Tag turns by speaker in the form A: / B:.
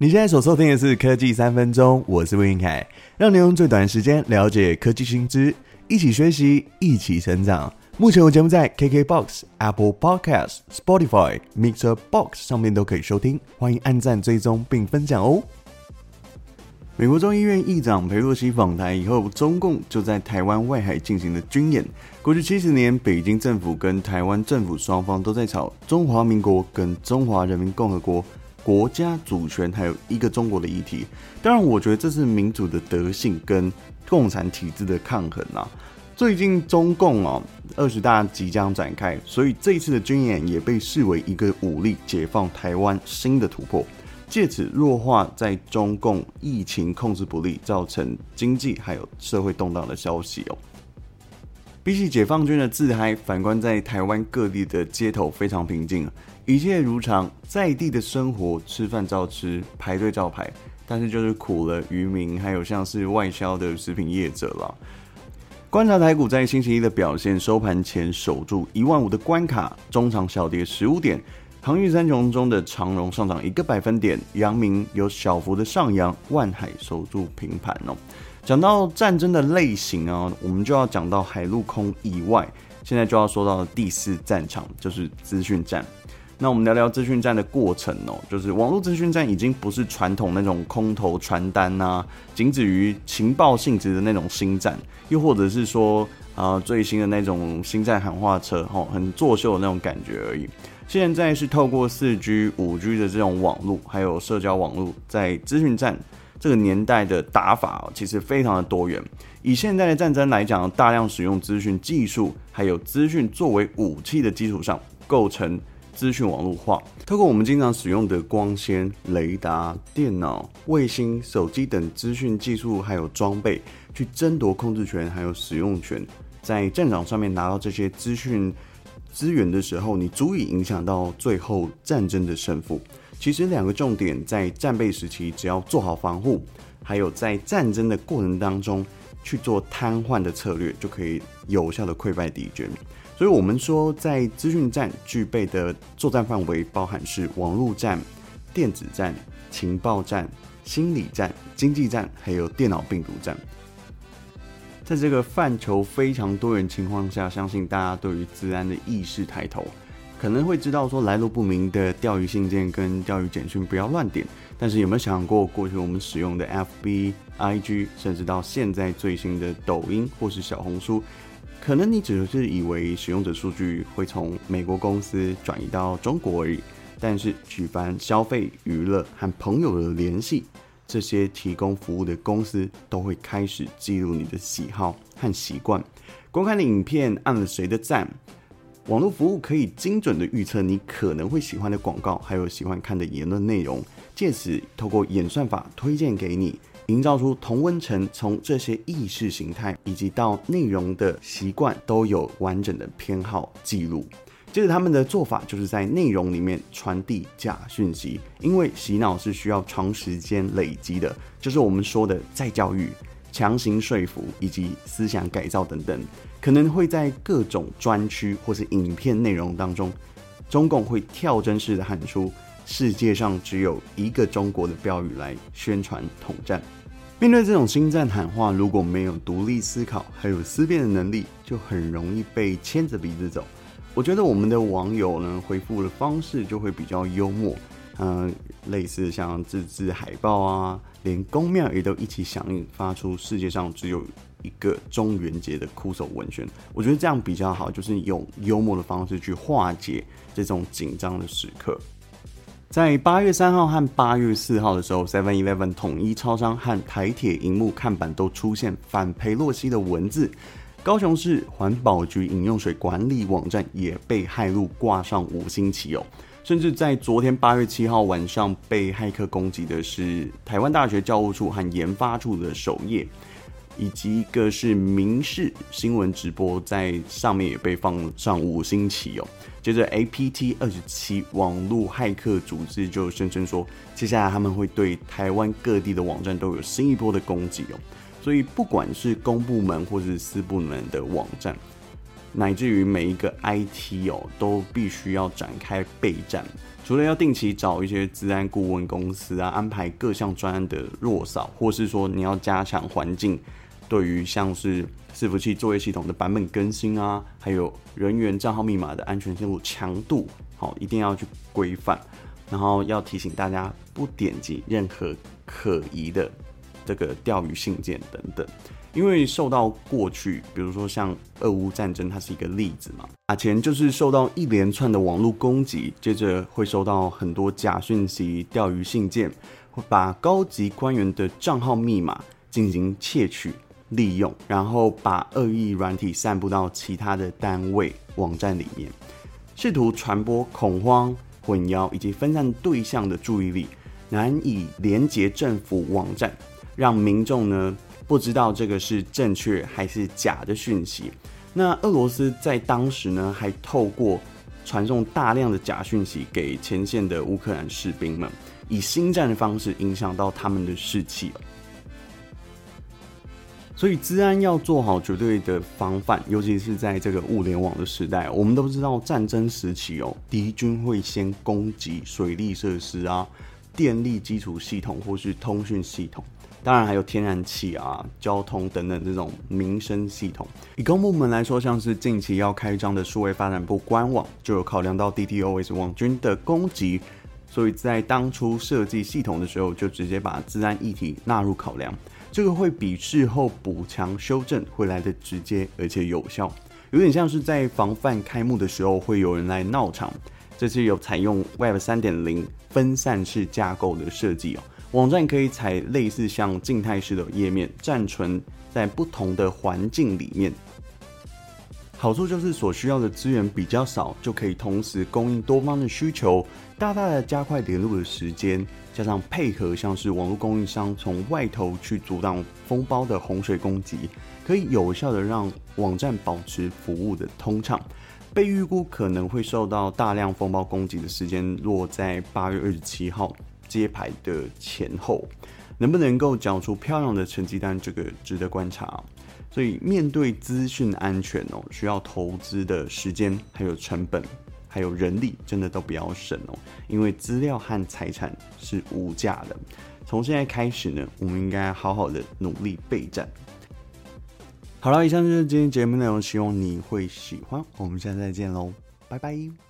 A: 你現在所收聽的是《科技三分鐘》，我是吳晏愷，讓你用最短的時間了解科技新知，一起學習，一起成長。目前我節目在 KK Box、Apple Podcast、Spotify、Mixer Box 上面都可以收聽，歡迎按贊、追蹤並分享哦。美國眾議院議長佩洛西訪台以後，中共就在台灣外海進行了軍演。過去七十年，北京政府跟台灣政府雙方都在吵“中華民國”跟“中華人民共和國”。國家主權，還有一個中國的議題，當然，我覺得這是民主的德性跟共產體制的抗衡啊。最近中共啊，二十大即將展開，所以這次的軍演也被視為一個武力解放台灣新的突破，借此弱化在中共疫情控制不力，造成經濟還有社會動盪的消息哦。比起解放軍的自嗨，反觀在台灣各地的街頭非常平靜，一切如常，在地的生活、吃飯照吃、排隊照排，但是就是苦了漁民，還有像是外銷的食品業者。觀察台股在星期一的表現，收盤前守住一萬五的關卡，中場小跌十五點。唐玉三雄中的長榮上漲一個百分點，陽明有小幅的上揚，萬海守住平盤哦。講到戰爭的類型啊，我們就要講到海陸空以外，現在就要說到的第四戰場，就是資訊戰。那我們聊聊資訊戰的過程哦、喔，就是網絡資訊戰已經不是傳統那種空投傳單啊，僅止於情報性質的那種心戰，又或者是說啊、呃、最新的那種心戰喊話車，吼，很作秀的那種感覺而已。現在是透過四 G、五 G 的這種網絡，還有社交網絡，在資訊戰。這個年代的打法其實非常的多元。以現在的戰爭來講，大量使用資訊技術，還有資訊作為武器的基礎上，構成資訊網絡化。透過我們經常使用的光纖、雷達、電腦、衛星、手機等資訊技術還有裝備，去爭奪控制權還有使用權。在戰場上面拿到這些資訊資源的時候，你足以影響到最後戰爭的勝負。其實兩個重點，在戰備時期只要做好防護，還有在戰爭的過程當中去做癱瘓的策略，就可以有效的潰敗敵軍。所以，我們說在資訊戰具備的作戰範圍，包含是網絡戰、電子戰、情報戰、心理戰、經濟戰，還有電腦病毒戰。在這個範疇非常多元情況下，相信大家對於治安的意識抬頭，可能會知道說，來路不明的釣魚信件跟釣魚簡訊不要亂點，但是有沒有想過，過去我們使用的 FB、IG，甚至到現在最新的抖音或是小紅書，可能你只是以為使用者數據會從美國公司轉移到中國而已，但是舉凡消費、娛樂和朋友的聯繫，這些提供服務的公司都會開始記錄你的喜好和習慣、觀看的影片、按了誰的讚。網絡服務可以精準地預測你可能會喜歡的廣告，還有喜歡看的言論內容，借此透過演算法推薦給你，營造出同溫層。從這些意識形態以及到內容的習慣，都有完整的偏好記錄。接着他們的做法就是在內容裡面傳遞假訊息，因為洗腦是需要長時間累積的，就是我們說的再教育。強行說服以及思想改造等等，可能會在各種專區或是影片內容當中，中共會跳針式的喊出“世界上只有一個中國”的標語來宣傳統戰。面對這種心戰喊話，如果沒有獨立思考還有思辨的能力，就很容易被牽着鼻子走。我覺得我們的網友呢，回復的方式就會比較幽默。嗯，類似像自製海報啊，連宮廟也都一起響應，發出世界上只有一個中元節的枯手文宣。我覺得這樣比較好，就是用幽默的方式去化解這種緊張的時刻。在八月三號和八月四號的時候，Seven Eleven 統一超商和台鐵熒幕看板都出現反裴洛西的文字。高雄市環保局飲用水管理網站也被駭入掛上五星旗油。甚至在昨天八月七號晚上被駭客攻擊的是台灣大學教務處和研發處的首頁，以及一個是民視新聞直播，在上面也被放上五星旗哦。接着 APT 二十七網絡駭客組織就聲稱說，接下來他們會對台灣各地的網站都有新一波的攻擊哦。所以不管是公部門或是私部門的網站。乃至於每一個 IT 哦，都必須要展開備戰。除了要定期找一些資安顧問公司啊，安排各項專案的弱掃，或是說你要加強環境，對於像是伺服器作業系統的版本更新啊，還有人員賬號密碼的安全性強度，好、哦，一定要去規範。然後要提醒大家，不點擊任何可疑的這個釣魚信件等等。因為受到過去，比如說像俄烏戰爭，它是一個例子嘛。打前就是受到一連串的網絡攻擊，接着會收到很多假訊息、釣魚信件，會把高級官員的賬號密碼進行竊取利用，然後把惡意軟體散布到其他的單位網站裡面，試圖傳播恐慌、混淆以及分散對象的注意力，難以連接政府網站，讓民眾呢，不知道這個是正確還是假的訊息。那俄羅斯在當時呢，還透過傳送大量的假訊息給前線的烏克蘭士兵們，以心戰的方式影響到他們的士氣。所以，資安要做好絕對的防範，尤其是在這個物聯網的時代。我們都知道，戰爭時期哦，敵軍會先攻擊水利設施啊、電力基礎系統或是通訊系統。當然還有天然氣啊、交通等等這種民生系統。以公部門來說，像是近期要開張的數位發展部官網，就有考量到 D T O S 網軍的攻擊，所以在當初設計系統的時候，就直接把資安議題納入考量。這個會比事後補強修正會來得直接而且有效，有點像是在防範開幕的時候會有人來鬧場。這次有採用 Web 三點零分散式架構的設計哦。網站可以採類似像靜態式的頁面，暫存在不同的環境裡面。好處就是所需要的資源比較少，就可以同時供應多方的需求，大大的加快連入的時間。加上配合像是網絡供應商從外頭去阻擋封包的洪水攻擊，可以有效的讓網站保持服務的通暢。被預估可能會受到大量封包攻擊的時間落在八月二十七號。揭牌的前後，能不能夠交出漂亮的成績單，這個值得觀察，哦。所以面對資訊安全哦，需要投資的時間、還有成本、還有人力，真的都不要省哦，因為資料和財產是無價的。從現在開始呢，我們應該好好的努力備戰。好了，以上就是今天節目內容，希望你會喜歡，我們下次再見嘍，拜拜。